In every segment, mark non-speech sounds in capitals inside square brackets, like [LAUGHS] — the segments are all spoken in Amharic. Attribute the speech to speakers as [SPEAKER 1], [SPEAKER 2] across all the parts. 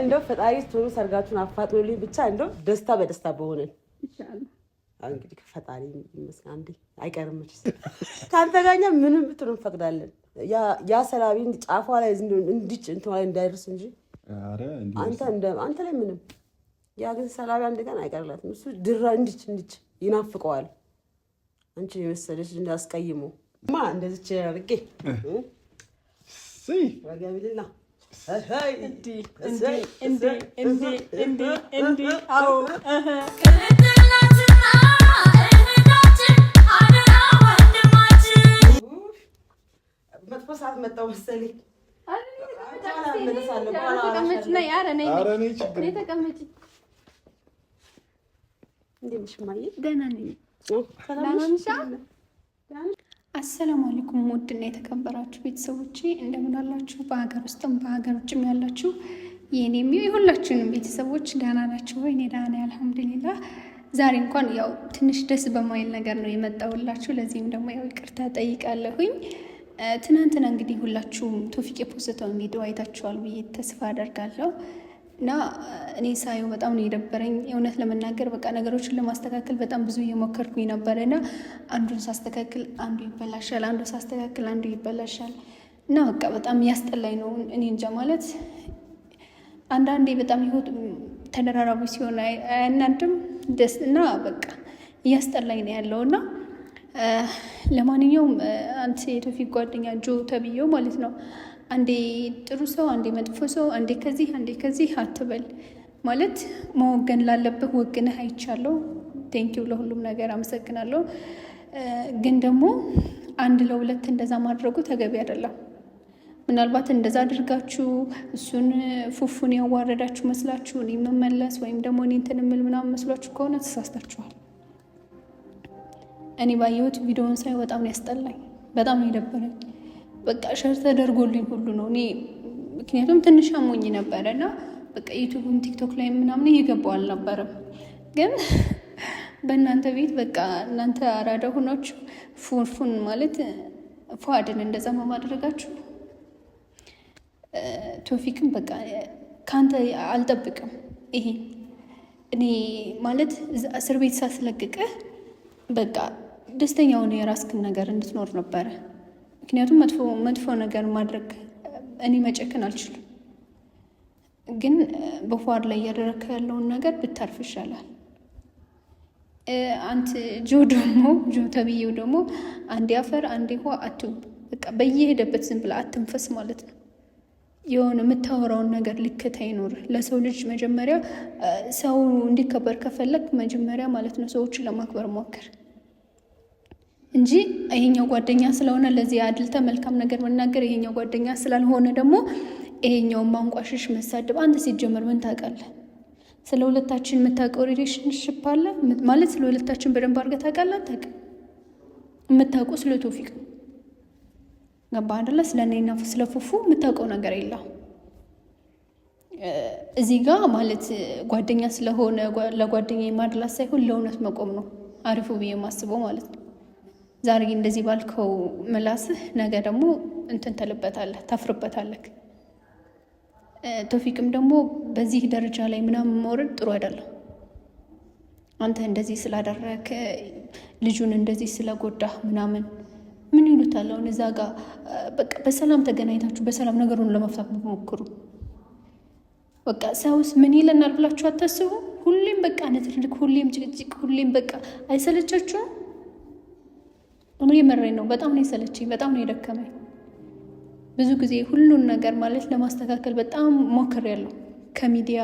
[SPEAKER 1] እንደው ፈጣሪ ስትሆኑ ሰርጋችሁን አፋጥኖልኝ ብቻ እንደው ደስታ በደስታ በሆነን እንግዲህ ከፈጣሪ ይመስገን። አንዴ አይቀርም ከአንተ ጋር ምንም ብትሉ እንፈቅዳለን። ያ ሰላቢ ጫፏ ላይ እንዲጭ እንትን ላይ እንዳይደርስ እንጂ አንተ ላይ ምንም። ያ ግን ሰላቢ አንድ ቀን አይቀርላትም። እሱ ድራ እንዲች እንዲች ይናፍቀዋል። አንቺ የመሰለች እንዳስቀይመው ማ እንደዚች አድርጌ
[SPEAKER 2] መጥፎ
[SPEAKER 1] ሰዓት መጣሁ መሰለኝ።
[SPEAKER 3] ተቀመጭ አሰላሙ አለይኩም ውድና የተከበራችሁ ቤተሰቦቼ እንደምን አላችሁ? በሀገር ውስጥም በሀገር ውጭም ያላችሁ የኔም የሁላችሁንም ቤተሰቦች ደህና ናችሁ ወይ? እኔ ደህና አልሐምዱሊላ። ዛሬ እንኳን ያው ትንሽ ደስ በማይል ነገር ነው የመጣሁላችሁ። ለዚህም ደግሞ ያው ይቅርታ ጠይቃለሁኝ። ትናንትና እንግዲህ ሁላችሁም ቶፊቅ የፖስተውን ቪዲዮ አይታችኋል ብዬ ተስፋ አደርጋለሁ። እና እኔ ሳየው በጣም ነው የደበረኝ። እውነት ለመናገር በቃ ነገሮችን ለማስተካከል በጣም ብዙ እየሞከርኩኝ ነበረ እና አንዱን ሳስተካክል አንዱ ይበላሻል፣ አንዱ ሳስተካክል አንዱ ይበላሻል እና በቃ በጣም ያስጠላኝ ነው። እኔ እንጃ ማለት አንዳንዴ በጣም ህይወት ተደራራቢ ሲሆን አያናድም ደስ እና በቃ እያስጠላኝ ነው ያለው እና ለማንኛውም አንድ የቶፊቅ ጓደኛ ጆ ተብዬው ማለት ነው አንዴ ጥሩ ሰው፣ አንዴ መጥፎ ሰው፣ አንዴ ከዚህ አንዴ ከዚህ አትበል ማለት መወገን ላለብህ ወግንህ አይቻለሁ። ቴንኪው ለሁሉም ነገር አመሰግናለሁ። ግን ደግሞ አንድ ለሁለት እንደዛ ማድረጉ ተገቢ አይደለም። ምናልባት እንደዛ አድርጋችሁ እሱን ፉፉን ያዋረዳችሁ መስላችሁ እኔ የምመለስ ወይም ደግሞ እኔ እንትን የምል ምናምን መስሏችሁ ከሆነ ተሳስታችኋል። እኔ ባየሁት ቪዲዮውን ሳይ በጣም ያስጠላኝ፣ በጣም ነው የደበረኝ። በቃ ሸር ተደርጎልኝ ሁሉ ነው እኔ ምክንያቱም ትንሽ አሞኝ ነበረ እና በቃ ዩቱብም ቲክቶክ ላይ ምናምን እየገባው አልነበረም። ግን [LAUGHS] በእናንተ ቤት በቃ እናንተ አራዳ ሁኖች ፉንፉን ማለት ፏድን እንደዛ ማድረጋችሁ ቶፊክም በቃ ከአንተ አልጠብቅም። ይሄ እኔ ማለት እስር ቤት ሳስለቅቀህ በቃ ደስተኛ ሆነ የራስክን ነገር እንድትኖር ነበረ። ምክንያቱም መጥፎ መጥፎ ነገር ማድረግ እኔ መጨከን አልችልም፣ ግን በፏር ላይ እያደረግክ ያለውን ነገር ብታርፍ ይሻላል። አንተ ጆ ደግሞ ጆ ተብዬው ደግሞ አንዴ አፈር አንዴ ውሃ አትሁን። በቃ በየሄደበት ዝም ብለህ አትንፈስ ማለት ነው። የሆነ የምታወራውን ነገር ልክት አይኖር። ለሰው ልጅ መጀመሪያ ሰው እንዲከበር ከፈለግ መጀመሪያ ማለት ነው ሰዎችን ለማክበር ሞክር። እንጂ ይሄኛው ጓደኛ ስለሆነ ለዚህ አድልተ መልካም ነገር መናገር፣ ይሄኛው ጓደኛ ስላልሆነ ደግሞ ይሄኛውን ማንቋሸሽ፣ መሳደብ። አንተ ሲጀመር ምን ታውቃለህ? ስለ ሁለታችን የምታውቀው ሪሌሽንሽፕ አለ ማለት ስለ ሁለታችን በደንብ አድርገህ ታውቃለህ? ታቅ የምታውቀው ስለ ቶፊቅ ገባ አይደለ? ስለ እኔና ስለ ፉፉ የምታውቀው ነገር የለም። እዚህ ጋ ማለት ጓደኛ ስለሆነ ለጓደኛ የማድላት ሳይሆን ለእውነት መቆም ነው አሪፉ ብዬ የማስበው ማለት ነው። ዛሬ እንደዚህ ባልከው ምላስህ ነገ ደግሞ እንትን ትልበታለህ፣ ታፍርበታለህ። ቶፊቅም ደግሞ በዚህ ደረጃ ላይ ምናምን መውረድ ጥሩ አይደለም። አንተ እንደዚህ ስላደረክ ልጁን እንደዚህ ስለጎዳህ ምናምን ምን ይሉታል? አሁን እዛ ጋር በቃ በሰላም ተገናኝታችሁ በሰላም ነገሩን ለመፍታት ሞክሩ። በቃ ሰውስ ምን ይለናል ብላችሁ አታስቡ። ሁሌም በቃ ንትርክ፣ ሁሌም ጭቅጭቅ፣ ሁሌም በቃ አይሰለቻችሁም? አሁን የመረኝ ነው። በጣም ነው የሰለችኝ፣ በጣም ነው የደከመኝ። ብዙ ጊዜ ሁሉን ነገር ማለት ለማስተካከል በጣም ሞክሬያለሁ። ከሚዲያ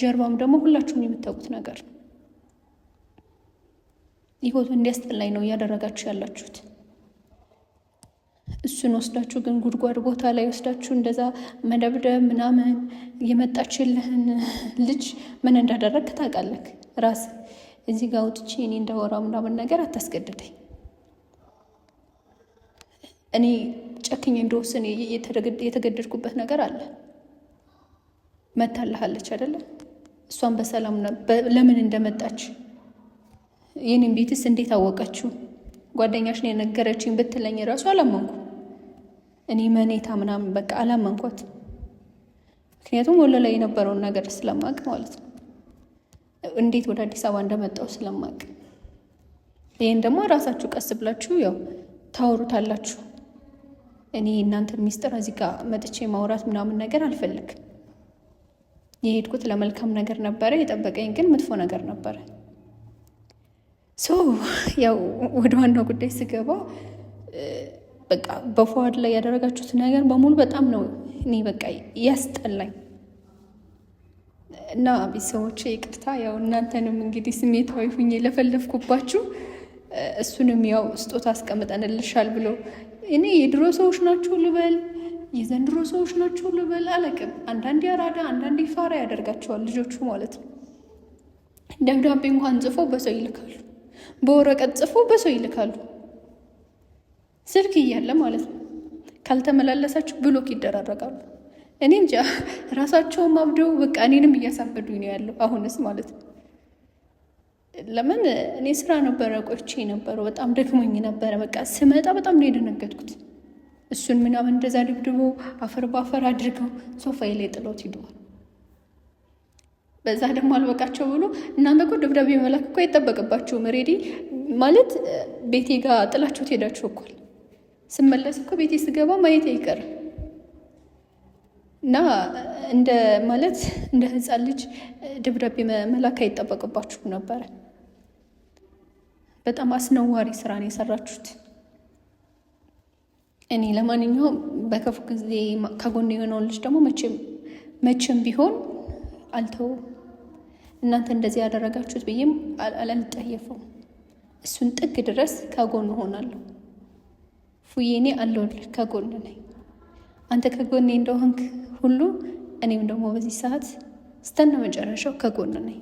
[SPEAKER 3] ጀርባም ደግሞ ሁላችሁም የምታውቁት ነገር ህይወቱ እንዲያስጠላኝ ነው እያደረጋችሁ ያላችሁት። እሱን ወስዳችሁ ግን ጉድጓድ ቦታ ላይ ወስዳችሁ እንደዛ መደብደብ ምናምን የመጣችልህን ልጅ ምን እንዳደረግ ታውቃለህ ራስ እዚህ ጋር ውጥቼ እኔ እንዳወራ ምናምን ነገር አታስገድደኝ። እኔ ጨክኝ እንደወስን የተገደድኩበት ነገር አለ። መታልሃለች አይደለ? እሷን በሰላም ለምን እንደመጣች ይህንን ቤትስ እንዴት አወቀችው? ጓደኛሽ ነው የነገረችኝ ብትለኝ ራሱ አላመንኩ። እኔ መኔታ ምናምን በቃ አላመንኳት። ምክንያቱም ወሎ ላይ የነበረውን ነገር ስለማቅ ማለት ነው፣ እንዴት ወደ አዲስ አበባ እንደመጣው ስለማቅ። ይህን ደግሞ ራሳችሁ ቀስ ብላችሁ ያው ታወሩታላችሁ። እኔ እናንተ ሚስጥር እዚህ ጋ መጥቼ ማውራት ምናምን ነገር አልፈልግ የሄድኩት ለመልካም ነገር ነበረ። የጠበቀኝ ግን መጥፎ ነገር ነበረ። ሶ ያው ወደ ዋናው ጉዳይ ስገባ በቃ በፏድ ላይ ያደረጋችሁት ነገር በሙሉ በጣም ነው እኔ በቃ ያስጠላኝ እና ቤተሰቦቼ ይቅርታ። ያው እናንተንም እንግዲህ ስሜታዊ ሁኜ ለፈለፍኩባችሁ እሱንም ያው ስጦታ አስቀምጠንልሻል ብሎ እኔ የድሮ ሰዎች ናችሁ ልበል የዘንድሮ ሰዎች ናችሁ ልበል አለቅም። አንዳንዴ አራዳ አንዳንዴ ፋራ ያደርጋቸዋል ልጆቹ ማለት ነው። ደብዳቤ እንኳን ጽፎ በሰው ይልካሉ፣ በወረቀት ጽፎ በሰው ይልካሉ። ስልክ እያለ ማለት ነው። ካልተመላለሳችሁ ብሎክ ይደራረጋሉ። እኔ እንጃ ራሳቸውም አብደው በቃ እኔንም እያሳበዱኝ ነው ያለው አሁንስ ማለት ነው። ለምን እኔ ስራ ነበረ ቆይቼ ነበረ በጣም ደክሞኝ ነበረ። በቃ ስመጣ በጣም ነው የደነገጥኩት። እሱን ምናምን እንደዛ ድብድቦ አፈር በአፈር አድርገው ሶፋዬ ላይ ጥሎት ሂደዋል። በዛ ደግሞ አልበቃቸው ብሎ እናንተ እኮ ደብዳቤ መላክ እኮ አይጠበቅባችሁም፣ ሬዲ ማለት ቤቴ ጋር ጥላችሁት ትሄዳቸው እኳል ስመለስ እኮ ቤቴ ስገባ ማየት አይቀርም። እና እንደ ማለት እንደ ሕፃን ልጅ ደብዳቤ መላክ አይጠበቅባችሁም ነበረ። በጣም አስነዋሪ ስራ ነው የሰራችሁት። እኔ ለማንኛውም በከፉ ጊዜ ከጎን የሆነውን ልጅ ደግሞ መቼም ቢሆን አልተው እናንተ እንደዚህ ያደረጋችሁት ብዬም አልጠየፈውም። እሱን ጥግ ድረስ ከጎን እሆናለሁ። ፉዬኔ እኔ አለሁልህ፣ ከጎን ነኝ። አንተ ከጎኔ እንደሆንክ ሁሉ እኔም ደግሞ በዚህ ሰዓት እስተና መጨረሻው ከጎን ነኝ።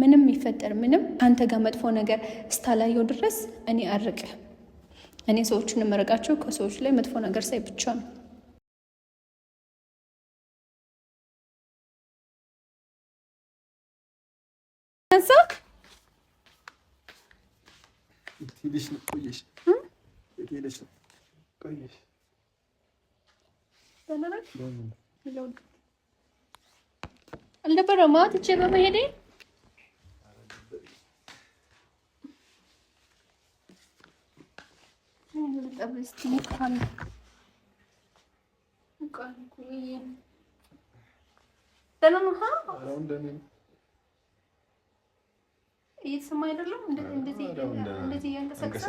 [SPEAKER 3] ምንም ይፈጠር ምንም አንተ ጋር መጥፎ ነገር እስታላየው ድረስ እኔ አርቅ። እኔ ሰዎችን እመረቃቸው ከሰዎች ላይ መጥፎ ነገር ሳይ ብቻ ነው። አልነበረማ እቼ በመሄዴ እየተሰማ አይደለም። እንደዚህ እያንቀሳቀሰ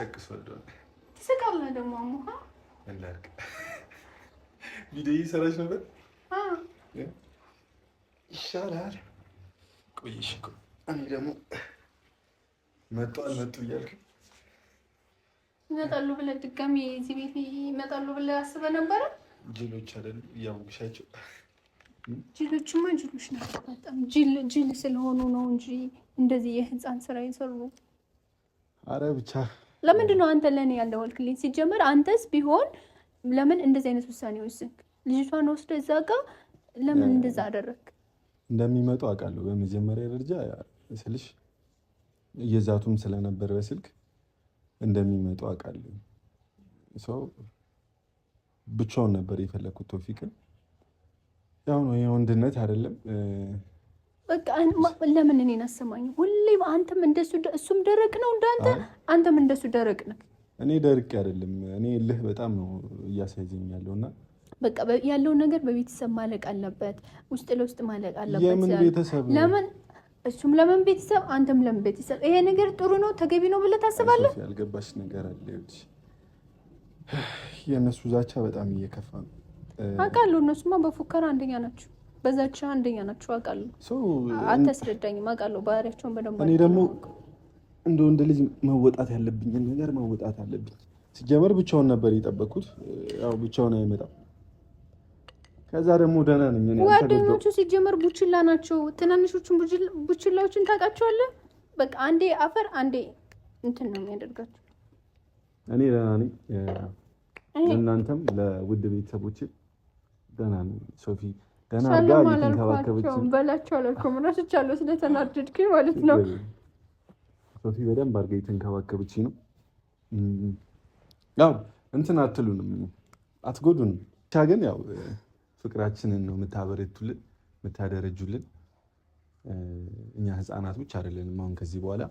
[SPEAKER 3] ትስቃለህ። ደግሞ አሙሃ
[SPEAKER 2] ቪዲዮ እየሰራች ነበር። ይሻላል። ቆይ እሺ፣ እኔ ደግሞ መጡ አልመጡ እያልክ
[SPEAKER 3] ይመጣሉ ብለህ ድጋሚ እዚህ ቤት ይመጣሉ ብለህ አስበህ ነበረ?
[SPEAKER 2] ጅሎች አይደል እያወቅሻቸው።
[SPEAKER 3] ጅሎችማ ጅሎች ናቸው። በጣም ጅል ጅል ስለሆኑ ነው እንጂ እንደዚህ የህፃን ስራ የሰሩ። አረ ብቻ ለምንድን ነው አንተ ለእኔ ያልደወልክልኝ? ሲጀመር አንተስ ቢሆን ለምን እንደዚህ አይነት ውሳኔ ወስንክ? ልጅቷን ወስደ እዛ ጋ ለምን እንደዛ አደረግ?
[SPEAKER 2] እንደሚመጡ አውቃለሁ። በመጀመሪያ ደረጃ ስልሽ እየዛቱም ስለነበር በስልክ እንደሚመጡ አውቃለሁ። ሰው ብቻውን ነበር የፈለግኩት ቶፊቅን ያው ነው የወንድነት አይደለም
[SPEAKER 3] በቃ ለምን እኔን አሰማኝ? ሁሌም አንተም እንደሱ እሱም ደረቅ ነው እንዳንተ፣ አንተም እንደሱ ደረቅ ነው።
[SPEAKER 2] እኔ ደርቅ አይደለም። እኔ ልህ በጣም ነው እያሳይዘኝ ያለው እና
[SPEAKER 3] በቃ ያለውን ነገር በቤተሰብ ማለቅ አለበት፣ ውስጥ ለውስጥ ማለቅ አለበት። ቤተሰብ ለምን እሱም ለምን ቤተሰብ አንተም ለምን ቤተሰብ? ይሄ ነገር ጥሩ ነው ተገቢ ነው ብለህ ታስባለህ?
[SPEAKER 2] ያልገባሽ ነገር አለ። የእነሱ ዛቻ በጣም እየከፋ ነው
[SPEAKER 3] አውቃለሁ። እነሱማ በፉከራ አንደኛ ናቸው፣ በዛቻ አንደኛ ናቸው አውቃለሁ። አታስረዳኝም አውቃለሁ። ባህሪያቸውን በደንብ
[SPEAKER 2] እኔ ደግሞ እንደ ወንድ ልጅ መወጣት ያለብኝን ነገር መወጣት አለብኝ። ሲጀመር ብቻውን ነበር የጠበኩት። ያው ብቻውን አይመጣም ከዛ ደግሞ ደህና ነኝ። እኔ።
[SPEAKER 3] ጓደኞቹ ሲጀመር ቡችላ ናቸው። ትናንሾቹን ቡችላዎችን ታውቃቸዋለህ? በቃ አንዴ አፈር አንዴ እንትን ነው የሚያደርጋቸው።
[SPEAKER 2] እኔ ደህና ነኝ። እናንተም ለውድ ቤተሰቦች ደህና ነኝ። ሶፊ
[SPEAKER 3] ደህና ጋር እየተንከባከበች በላቸው አላልኩም። እራስቻለሁ ስለተናደድኩኝ ማለት ነው።
[SPEAKER 2] ሶፊ በደንብ አድርጋ እየተንከባከበች ነው። ያው እንትን አትሉንም፣ አትጎዱንም። ብቻ ግን ያው ፍቅራችንን ነው የምታበረቱልን የምታደረጁልን። እኛ ህፃናት ብቻ አይደለንም። አሁን ከዚህ በኋላ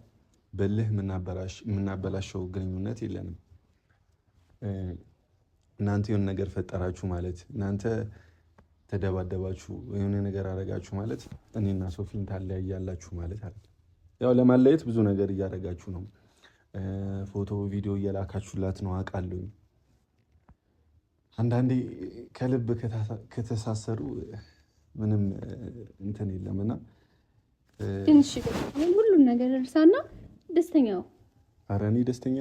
[SPEAKER 2] በልህ የምናበላሸው ግንኙነት የለንም። እናንተ የሆነ ነገር ፈጠራችሁ ማለት እናንተ ተደባደባችሁ የሆነ ነገር አረጋችሁ ማለት እኔና ሶፊን ታለያያላችሁ ማለት አለ። ያው ለማለየት ብዙ ነገር እያደረጋችሁ ነው። ፎቶ ቪዲዮ እየላካችሁላት ነው አውቃለሁ። አንዳንዴ ከልብ ከተሳሰሩ ምንም እንትን የለም እና
[SPEAKER 3] ትንሽ ሁሉም ነገር እርሳና ደስተኛ ው እኔ ደስተኛ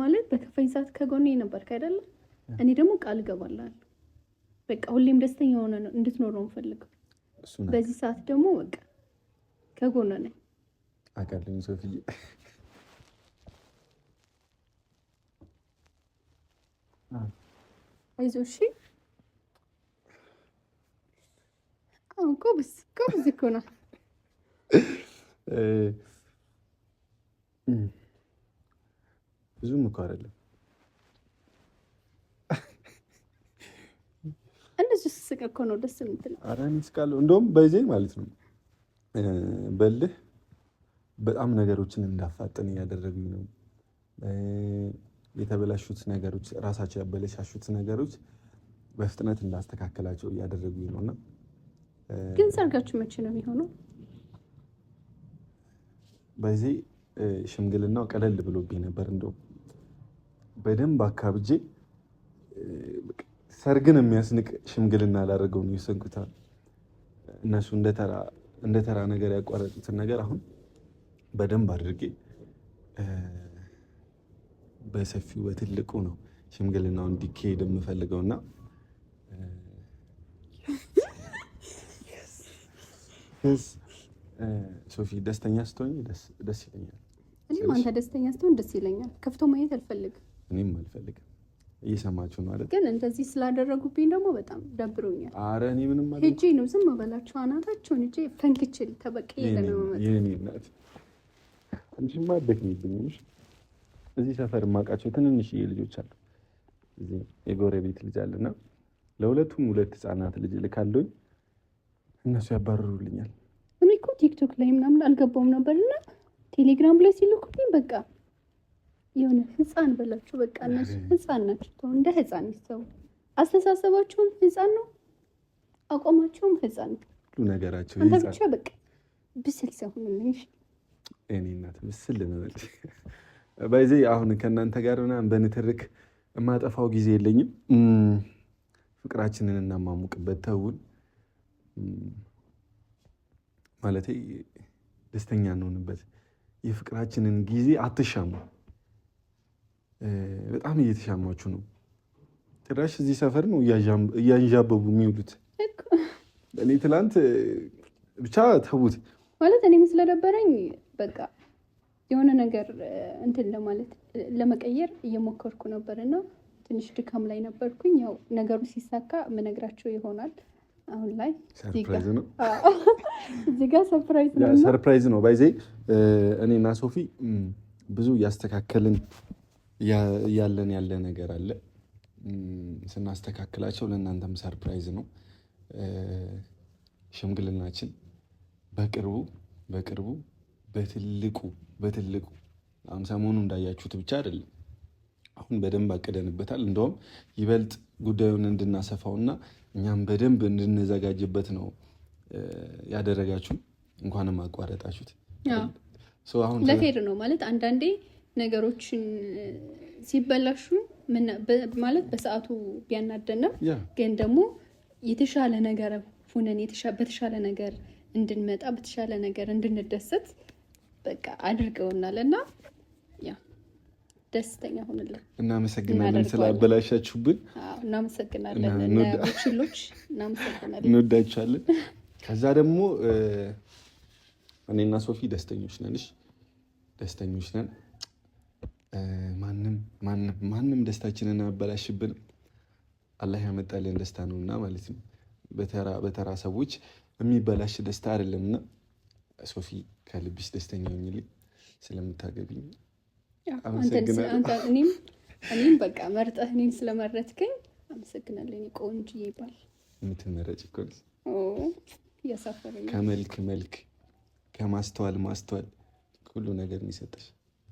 [SPEAKER 3] ማለት በከፋኝ ሰዓት ከጎኔ ነበርክ አይደለም እኔ ደግሞ ቃል እገባልሀለሁ በቃ ሁሌም ደስተኛ ሆነ ነው ነው የምፈልገው በዚህ ሰዓት ደግሞ በቃ ከጎነ ነኝ
[SPEAKER 2] አውቃለሁኝ ሶፊዬ
[SPEAKER 3] አይዞሽ አሁን ጎበዝ ጎበዝ እኮ ነው።
[SPEAKER 2] ብዙም እኮ አይደለም።
[SPEAKER 3] እንደዚህ ስስቅ እኮ ነው ደስ የምትለው።
[SPEAKER 2] ኧረ እኔ እስቃለሁ። እንደውም በዜ ማለት ነው በልህ በጣም ነገሮችን እንዳፋጠን እያደረጉኝ ነው የተበላሹት ነገሮች ራሳቸው ያበለሻሹት ነገሮች በፍጥነት እንዳስተካከላቸው እያደረጉ ነው። እና
[SPEAKER 3] ግን ሰርጋችሁ መቼ ነው የሚሆነው?
[SPEAKER 2] በዚህ ሽምግልናው ቀለል ብሎብኝ ነበር። እንደው በደንብ አካብጄ ሰርግን የሚያስንቅ ሽምግልና አላደረገው ነው የወሰንኩት። እነሱ እንደተራ ነገር ያቋረጡትን ነገር አሁን በደንብ አድርጌ በሰፊው በትልቁ ነው ሽምግልናው እንዲካሄድ የምፈልገው እና ሶፊ ደስተኛ ስትሆኝ ደስ ይለኛል።
[SPEAKER 3] እኔም አንተ ደስተኛ ስትሆን ደስ ይለኛል። ከፍቶ ማየት አልፈልግም።
[SPEAKER 2] እኔም አልፈልግም። እየሰማችሁ ነው አይደል?
[SPEAKER 3] ግን እንደዚህ ስላደረጉብኝ ደግሞ በጣም ደብሮኛል።
[SPEAKER 2] አረ እኔ ምንም ማለት
[SPEAKER 3] ሄጄ ነው ዝም በላቸው አናታቸውን ሂጂ ፈንክችል ለመመጣ ተበቀየለ
[SPEAKER 2] ነው ማለት ነው። እዚህ ሰፈር የማውቃቸው ትንንሽዬ ልጆች አሉ። እዚህ የጎረቤት ልጅ አለና ለሁለቱም ሁለት ህጻናት ልጅ ልካለኝ እነሱ ያባረሩልኛል።
[SPEAKER 3] እኔ እኮ ቲክቶክ ላይ ምናምን አልገባውም ነበር እና ቴሌግራም ላይ ሲልኩልኝ በቃ የሆነ ህፃን በላቸው። በቃ እነሱ ህፃን ናቸው። እንደ ህፃን ይሰው አስተሳሰባቸውም ህፃን ነው፣ አቋማቸውም ህፃን ነው። ነገራቸው ብቻ በቃ ብስል ሰው
[SPEAKER 2] እኔ እናት ብስል ልንበል በዚህ አሁን ከእናንተ ጋር ምናምን በንትርክ የማጠፋው ጊዜ የለኝም። ፍቅራችንን እናማሙቅበት ተውን ማለት ደስተኛ እንሆንበት። የፍቅራችንን ጊዜ አትሻሙ። በጣም እየተሻማችሁ ነው። ጭራሽ እዚህ ሰፈር ነው እያንዣበቡ የሚውሉት። እኔ ትላንት ብቻ ተዉት
[SPEAKER 3] ማለት እኔም ስለደበረኝ በቃ የሆነ ነገር እንትን ለማለት ለመቀየር እየሞከርኩ ነበር እና ትንሽ ድካም ላይ ነበርኩኝ። ያው ነገሩ ሲሳካ ምነግራቸው ይሆናል። አሁን ላይ እዚህ ጋር ሰርፕራይዝ ነው
[SPEAKER 2] ሰርፕራይዝ ነው ባይዜ እኔ እና ሶፊ ብዙ እያስተካከልን ያለን ያለ ነገር አለ። ስናስተካክላቸው ለእናንተም ሰርፕራይዝ ነው። ሽምግልናችን በቅርቡ በቅርቡ በትልቁ በትልቁ ሰሞኑ እንዳያችሁት ብቻ አይደለም። አሁን በደንብ አቅደንበታል። እንደውም ይበልጥ ጉዳዩን እንድናሰፋው ና እኛም በደንብ እንድንዘጋጅበት ነው ያደረጋችሁ። እንኳንም አቋረጣችሁት።
[SPEAKER 3] ለሄድ ነው ማለት አንዳንዴ ነገሮችን ሲበላሹ ማለት በሰዓቱ ቢያናደንም ግን ደግሞ የተሻለ ነገር ሁነን በተሻለ ነገር እንድንመጣ በተሻለ ነገር እንድንደሰት በቃ አድርገውናል እና ደስተኛ ሆንልን።
[SPEAKER 2] እናመሰግናለን ስላበላሻችሁብን።
[SPEAKER 3] እናመሰግናለን፣ [LAUGHS] እናመሰግናለን፣
[SPEAKER 2] እንወዳችኋለን። ከዛ ደግሞ እኔና ሶፊ ደስተኞች ነንሽ፣ ደስተኞች ነን። ማንም ማንም ደስታችንን አበላሽብን። አላህ ያመጣልን ደስታ ነው እና ማለት ነው። በተራ ሰዎች የሚበላሽ ደስታ አይደለምና ሶፊ ከልብሽ ደስተኛ ሆኝልኝ ስለምታገቢኝ
[SPEAKER 3] አመሰግናለሁ። እኔም በቃ መርጠህ እኔን ስለመረጥከኝ አመሰግናለሁ። ቆንጆ ይባል
[SPEAKER 2] የምትመረጭ እኮ ከመልክ መልክ ከማስተዋል ማስተዋል ሁሉ ነገር የሚሰጠሽ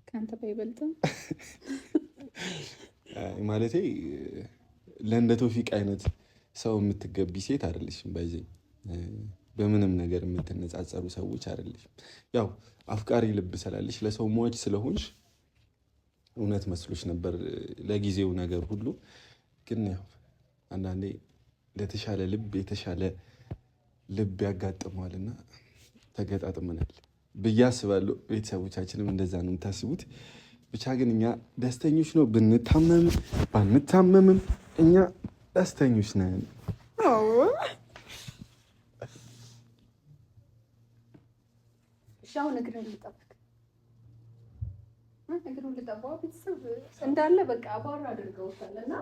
[SPEAKER 3] ከአንተ ባይበልጥም
[SPEAKER 2] ማለቴ ለእንደ ቶፊቅ አይነት ሰው የምትገቢ ሴት አይደለሽም በዚህ በምንም ነገር የምትነጻጸሩ ሰዎች አይደለሽም። ያው አፍቃሪ ልብ ስላለሽ ለሰው ሟች ስለሆንሽ እውነት መስሎች ነበር ለጊዜው ነገር ሁሉ። ግን ያው አንዳንዴ ለተሻለ ልብ የተሻለ ልብ ያጋጥመዋልና ተገጣጥመናል ብዬ አስባለሁ። ቤተሰቦቻችንም እንደዛ ነው የምታስቡት። ብቻ ግን እኛ ደስተኞች ነው፣ ብንታመምም ባንታመምም እኛ ደስተኞች ነን።
[SPEAKER 3] አሁን እግርህን ልጠብቅ፣ እግሩን ልጠባው። ቤተሰብ እንዳለ በቃ አቧራ አድርገውታል እና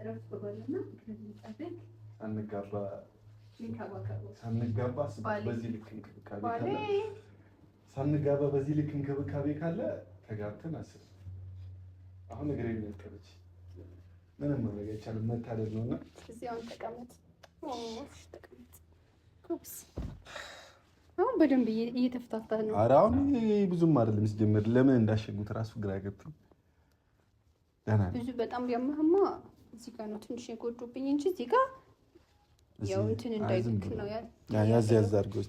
[SPEAKER 3] እረፍት በልና እግርህን ልጠብቅ።
[SPEAKER 2] አንጋባ ሳንጋባ በዚህ ልክ እንክብካቤ ካለ ሳንጋባ በዚህ ልክ እንክብካቤ ካለ ተጋብተን አስብ። አሁን እግሬን ልጠብቅ፣ ምንም ማድረግ አይቻልም። መታደል ነውና
[SPEAKER 3] እዚህ አሁን ተቀመጥ፣ ተቀመጥ አሁን በደንብ እየተፈታታ
[SPEAKER 2] ነው። ኧረ አሁን ብዙም አይደለም። ሲጀምር ለምን እንዳሸጉት እራሱ ግራ ገብቶ
[SPEAKER 3] ብዙ በጣም ቢያመህማ እዚህ ጋር ነው ትንሽ የጎዱብኝ እንጂ እዚህ ጋር ያው እንትን እንዳይልክ
[SPEAKER 2] ነው ያዝ ያዝ አድርገው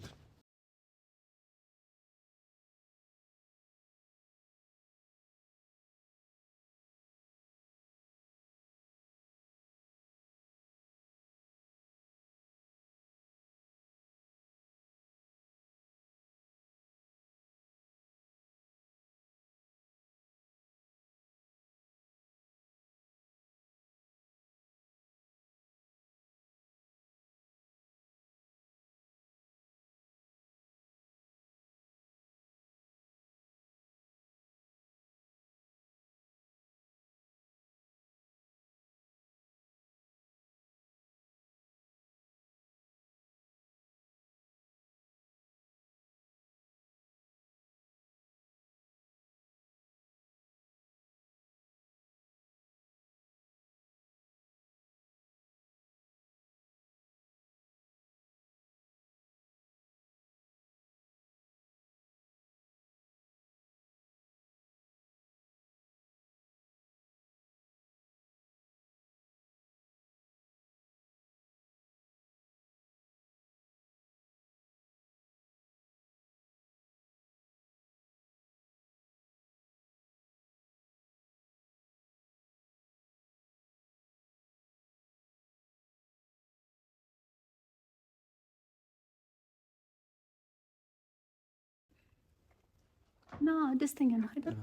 [SPEAKER 3] እና ደስተኛ ነው አይደል?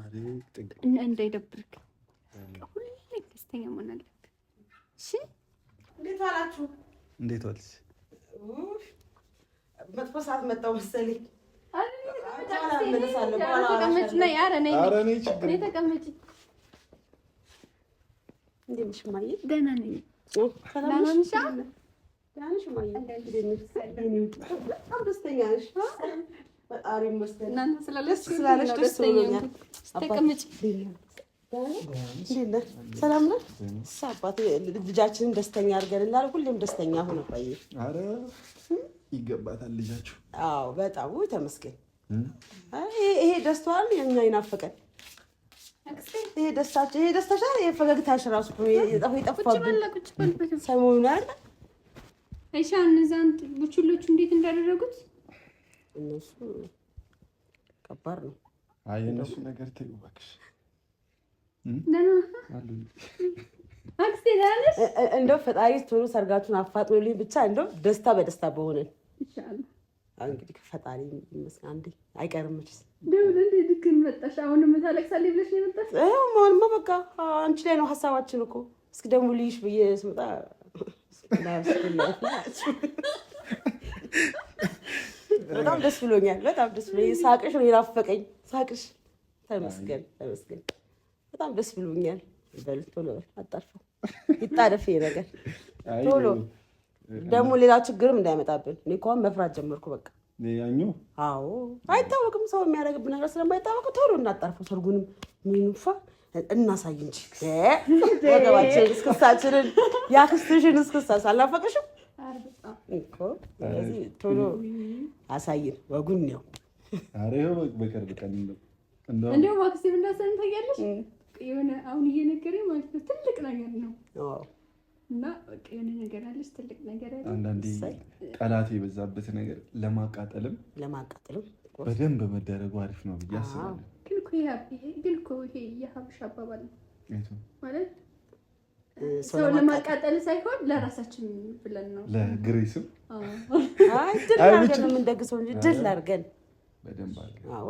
[SPEAKER 3] እንዳይደብርክ ሁሌ ደስተኛ መሆን አለብህ። እሺ፣
[SPEAKER 1] እንዴት ዋላችሁ? እንዴት ዋልሽ? መጥፎ ሰዓት መጣሁ መሰለኝ።
[SPEAKER 3] ደህና
[SPEAKER 2] ነኝ።
[SPEAKER 1] ፈጣሪ ይመስገን።
[SPEAKER 3] እናንተ ስላለሽ
[SPEAKER 1] ልጃችንን ደስተኛ አድርገንላል። ሁሌም ደስተኛ ሆነ። ቆይ
[SPEAKER 2] ኧረ ይገባታል ልጃችሁ።
[SPEAKER 1] አዎ በጣም ውይ፣ ተመስገን። ይሄ ደስቷል የኛ ይናፈቀን። ይሄ ደስታች ይሄ ደስታሻል። ይሄ ፈገግታሽ ራሱ የጠፋብን ሰሞኑን አለ።
[SPEAKER 3] እሺ እነዛን ቡችሎቹ እንዴት እንዳደረጉት
[SPEAKER 1] እነሱ ከባድ ነው።
[SPEAKER 2] አይ እነሱ ነገር ተይው እባክሽ።
[SPEAKER 1] እንደው ፈጣሪ ቶሎ ሰርጋችሁን አፋጥኖልኝ ብቻ እንደው ደስታ በደስታ በሆነን እንግዲህ ከፈጣሪ ይመስገን። አንዴ አይቀርም መቼስ
[SPEAKER 3] ደውል። እንዴት ልክ
[SPEAKER 1] አሁንማ በቃ አንቺ ላይ ነው ሀሳባችን እኮ። እስኪ ደግሞ ልይሽ ብዬ ስመጣ [LAUGHS] በጣም ደስ ብሎኛል። በጣም ደስ ብሎኛል። ሳቅሽ ነው የናፈቀኝ። ሳቅሽ ተመስገን፣ ተመስገን። በጣም ደስ ብሎኛል። በል ቶሎ አጣርፈው ይጣደፍ ነገር ቶሎ ደግሞ ሌላ ችግርም እንዳይመጣብን። እኔ እኮ መፍራት ጀመርኩ። በቃ ያኙ። አዎ፣ አይታወቅም ሰው የሚያደርግብን ነገር ስለማይታወቅም ቶሎ እናጣርፈው። ሰርጉንም ሚኑፋ እናሳይ እንጂ ወገባችንን፣ እስክሳችንን ያክስትሽን እስክሳ አልናፈቅሽም ቶሎ አሳይን ወጉን ነው።
[SPEAKER 2] በቅርብ ቀን
[SPEAKER 3] እንደው ማክሲም እንዳሰን ታያለሽ። የሆነ አሁን እየነገረኝ ማለት ነው ትልቅ ነገር ነው እና የሆነ ነገር አለች ትልቅ ነገር አለ።
[SPEAKER 2] አንዳንዴ ጠላት የበዛበት ነገር ለማቃጠልም
[SPEAKER 1] ለማቃጠልም
[SPEAKER 2] በደንብ መደረጉ አሪፍ ነው ብዬ አስባለሁ።
[SPEAKER 3] ግን እኮ ይሄ የሀበሻ አባባል ነው ማለት ሰው ለማቃጠል ሳይሆን ለራሳችን ብለን ነው።
[SPEAKER 2] ለግሬስም
[SPEAKER 1] ድል አድርገን የምንደግሰው እንጂ ድል አድርገን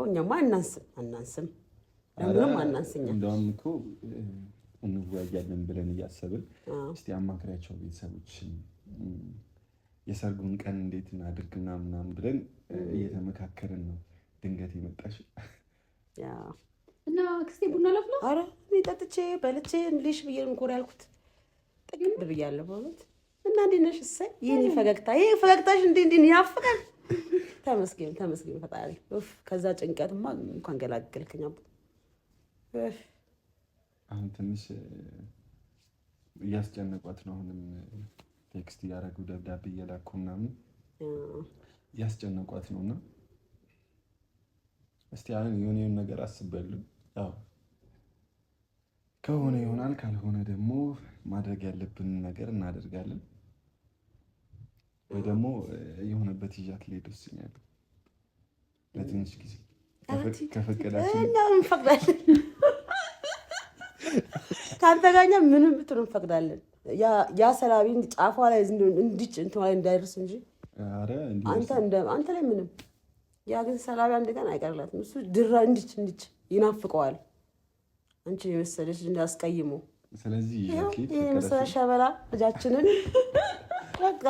[SPEAKER 1] እኛማ አናንስም አናንስም
[SPEAKER 2] ለምንም አናንስኛ። እንደውም እኮ እንወያያለን ብለን እያሰብን እስኪ አማክሪያቸው ቤተሰቦችን የሰርጉን ቀን እንዴት እናድርግና ምናምን ብለን እየተመካከርን ነው። ድንገት የመጣሽ
[SPEAKER 3] እና ክስቴ ቡና ለፍላ
[SPEAKER 1] አረ እኔ ጠጥቼ በልቼ እንዴሽ ብዬ እንጎር ያልኩት ጥቅም ብያለሁ በእውነት እና እንዴት ነሽ? እሰይ ይህን ፈገግታ ይህ ፈገግታሽ እንዴ እንዴ ያፍቃል። ተመስገን ተመስገን ፈጣሪ። ከዛ ጭንቀትማ እንኳን ገላገልከኝ።
[SPEAKER 2] አሁን ትንሽ እያስጨነቋት ነው። አሁንም ቴክስት እያደረጉ ደብዳቤ እየላኩ ምናምን እያስጨነቋት ነው እና እስቲ አሁን የሆነ ነገር አስቤያለሁ ከሆነ ይሆናል፣ ካልሆነ ደግሞ ማድረግ ያለብን ነገር እናደርጋለን። ወይ ደግሞ የሆነበት ይዣት ልሄድ ወስኛለሁ። ለትንሽ ጊዜ
[SPEAKER 1] ከፈቀዳችሁ እንፈቅዳለን። ከአንተ ምንም ብትሆን እንፈቅዳለን። ያ ሰላቢ ጫፏ ላይ እንዲች እንትን ላይ እንዳይደርስ እንጂ አንተ ላይ ምንም። ያ ግን ሰላቢ አንድ ቀን አይቀርላትም። እሱ ድራ እንዲች እንዲች ይናፍቀዋል። አንቺን የመሰለች እንዳስቀይሙ። ስለዚህ የመሰለ ሸበላ ልጃችንን በቃ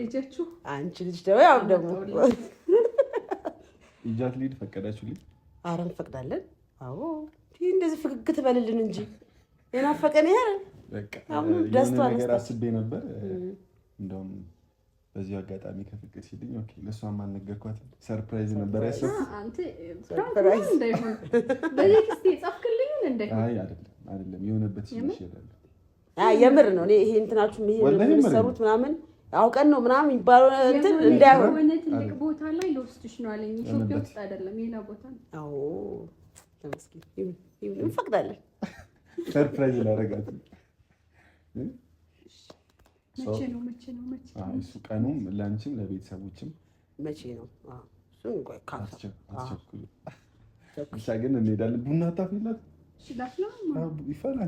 [SPEAKER 1] ልጃችሁ አንቺ ልጅ ደግሞ ያው ደግሞ
[SPEAKER 2] ይጃት ሊድ ፈቀዳችሁልኝ?
[SPEAKER 1] አረ እንፈቅዳለን። አዎ ይህ እንደዚህ ፍግግ ትበልልን እንጂ የናፈቀን ያህል
[SPEAKER 2] ነገር አስቤ ነበር። እንደውም በዚሁ አጋጣሚ ከፍቅር ሲልኝ ኦኬ፣ ለእሷም አልነገርኳትም። ሰርፕራይዝ ነበር ያሰብኩት። እንደ አይደለም የሆነበት
[SPEAKER 1] የምር ነው። ይሄ እንትናችሁ የምትሰሩት ምናምን አውቀን ነው ምናምን የሚባለው እንትን
[SPEAKER 3] እንዳይሆን ትልቅ ቦታ ላይ ልወስድሽ ነው አለኝ። ኢትዮጵያ ውስጥ አይደለም ሌላ ቦታ
[SPEAKER 1] ነው። እንፈቅዳለን።
[SPEAKER 2] ሰርፕራይዝ ላደርጋት መቼ ነው?
[SPEAKER 3] መቼ ነው? መቼ
[SPEAKER 2] ነው? እሱ ቀኑም ለአንቺም ለቤተሰቦችም
[SPEAKER 1] መቼ ነው? አዎ እሱን እንቆይ
[SPEAKER 2] ብቻ ግን እንሄዳለን። ቡና አታፍላት ይፈላ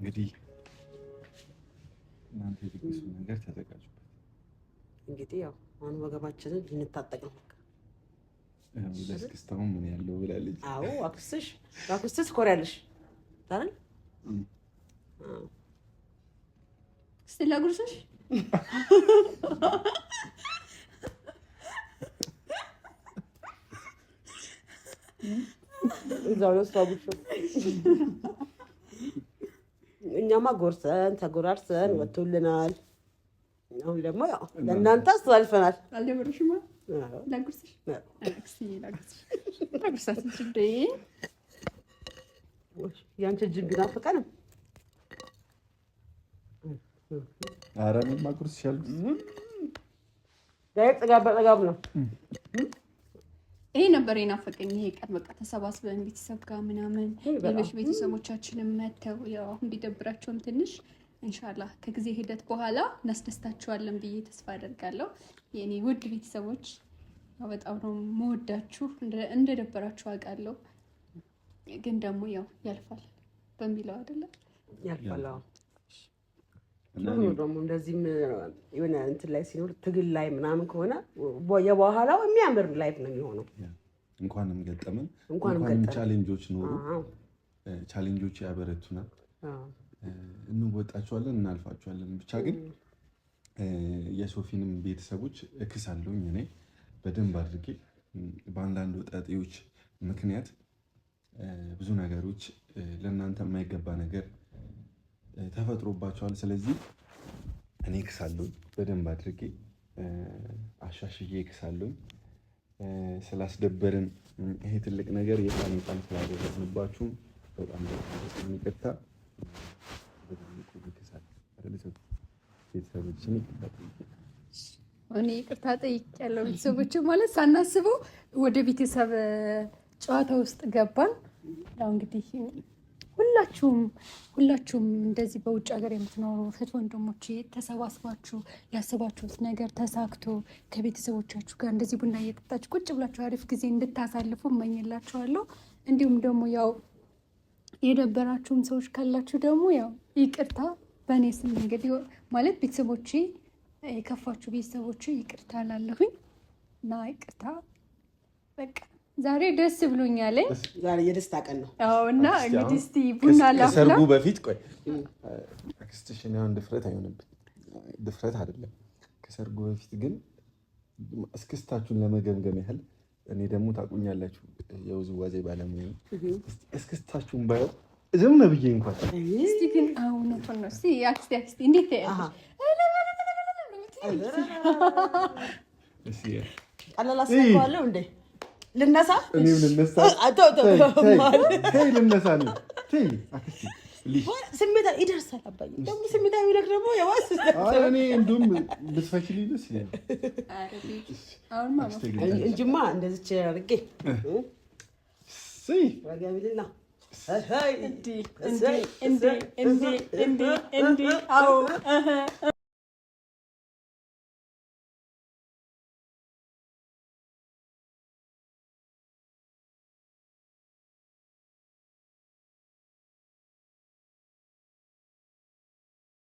[SPEAKER 2] እንግዲህ እናንተ የድግሱን ነገር ተዘጋጁ።
[SPEAKER 1] እንግዲህ ያው አሁን ወገባችንን ልንታጠቅ ነው።
[SPEAKER 2] እስክስታሁን ምን ያለው ብላለች።
[SPEAKER 1] አዎ አክስትሽ አክስትሽ ኮሪያለሽ ታረን ስለ ጉርስሽ እዛው ነው ሳቡሽ። እኛማ ጎርሰን ተጎራርሰን ወጥቶልናል። አሁን ደግሞ ያው ለእናንተ አስተላልፈናል።
[SPEAKER 3] ያንቺ ላጉርስሽ ላጉርሳት እንጂ
[SPEAKER 1] የአንቺ እጅ ቢናፍቀንም ኧረ እኔማ ዳይ ጥጋብ በጥጋብ ነው።
[SPEAKER 3] ይሄ ነበር የናፈቀኝ። ይሄ ቀን በቃ ተሰባስበን ቤተሰብ ጋር ምናምን ሌሎች ቤተሰቦቻችንም መተው ያው እንዲደብራቸውም ትንሽ እንሻላ ከጊዜ ሂደት በኋላ እናስደስታችኋለን ብዬ ተስፋ አደርጋለሁ። የእኔ ውድ ቤተሰቦች በጣም ነው መወዳችሁ። እንደደበራችሁ አውቃለሁ፣ ግን ደግሞ ያው ያልፋል በሚለው አይደለም
[SPEAKER 1] ያልፋል። ደግሞ እንደዚህም የሆነ እንትን ላይ ሲኖር ትግል ላይ ምናምን ከሆነ የበኋላው የሚያምር ላይፍ ነው የሚሆነው።
[SPEAKER 2] እንኳንም ገጠምን፣ እንኳንም ቻሌንጆች ኖሩ። ቻሌንጆች ያበረቱናል። እንወጣቸዋለን፣ እናልፋቸዋለን። ብቻ ግን የሶፊንም ቤተሰቦች እክስ አለውኝ እኔ በደንብ አድርጌ በአንዳንድ ወጣጤዎች ምክንያት ብዙ ነገሮች ለእናንተ የማይገባ ነገር ተፈጥሮባቸዋል። ስለዚህ እኔ ክሳለሁኝ በደንብ አድርጌ አሻሽዬ ክሳለሁኝ። ስላስደበርን ይሄ ትልቅ ነገር የጣን የጣን ስላደረግንባችሁም በጣም በጣም ይቅርታ። ቤተሰቦችን ይቅርታ
[SPEAKER 3] እኔ ይቅርታ ጠይቅ ያለው ቤተሰቦች ማለት ሳናስበው ወደ ቤተሰብ ጨዋታ ውስጥ ገባን። ያው እንግዲህ ሁላችሁም ሁላችሁም እንደዚህ በውጭ ሀገር የምትኖሩ እህት ወንድሞች ተሰባስባችሁ ያሰባችሁት ነገር ተሳክቶ ከቤተሰቦቻችሁ ጋር እንደዚህ ቡና እየጠጣችሁ ቁጭ ብላችሁ አሪፍ ጊዜ እንድታሳልፉ እመኝላችኋለሁ። እንዲሁም ደግሞ ያው የደበራችሁም ሰዎች ካላችሁ ደግሞ ያው ይቅርታ በእኔ ስም እንግዲህ ማለት ቤተሰቦቼ የከፋችሁ ቤተሰቦቼ ይቅርታ ላለሁኝ እና ይቅርታ በቃ ዛሬ ደስ ብሎኛል።
[SPEAKER 1] ዛሬ የደስታ ቀን ነው።
[SPEAKER 3] አዎ እና እንግዲህ እስቲ ቡና
[SPEAKER 2] ላፍላ። በፊት ቆይ አክስትሽን ያሁን ድፍረት አይሆንብን ድፍረት አይደለም። ከሰርጉ በፊት ግን እስክስታችሁን ለመገምገም ያህል እኔ ደግሞ ታቁኛላችሁ የውዝዋዜ ባለሙያ እስክስታችሁን ባየው ዝም ብዬ እንኳን
[SPEAKER 3] እስቲ ግን እውነቱን ነው። እስቲ አክስቴ አክስቴ እንዴት
[SPEAKER 1] እንዴ? ልነሳ
[SPEAKER 2] እኔም ልነሳ ልነሳ ነው
[SPEAKER 1] ስሜታ ይደርሳል። አባዬ ደግሞ ስሜታ የሚለቅ ደግሞ የዋስ እኔ እንዲሁም እንደዚች አድርጌ
[SPEAKER 3] እንዲህ እንዲህ እንዲህ እንዲህ እንዲህ አዎ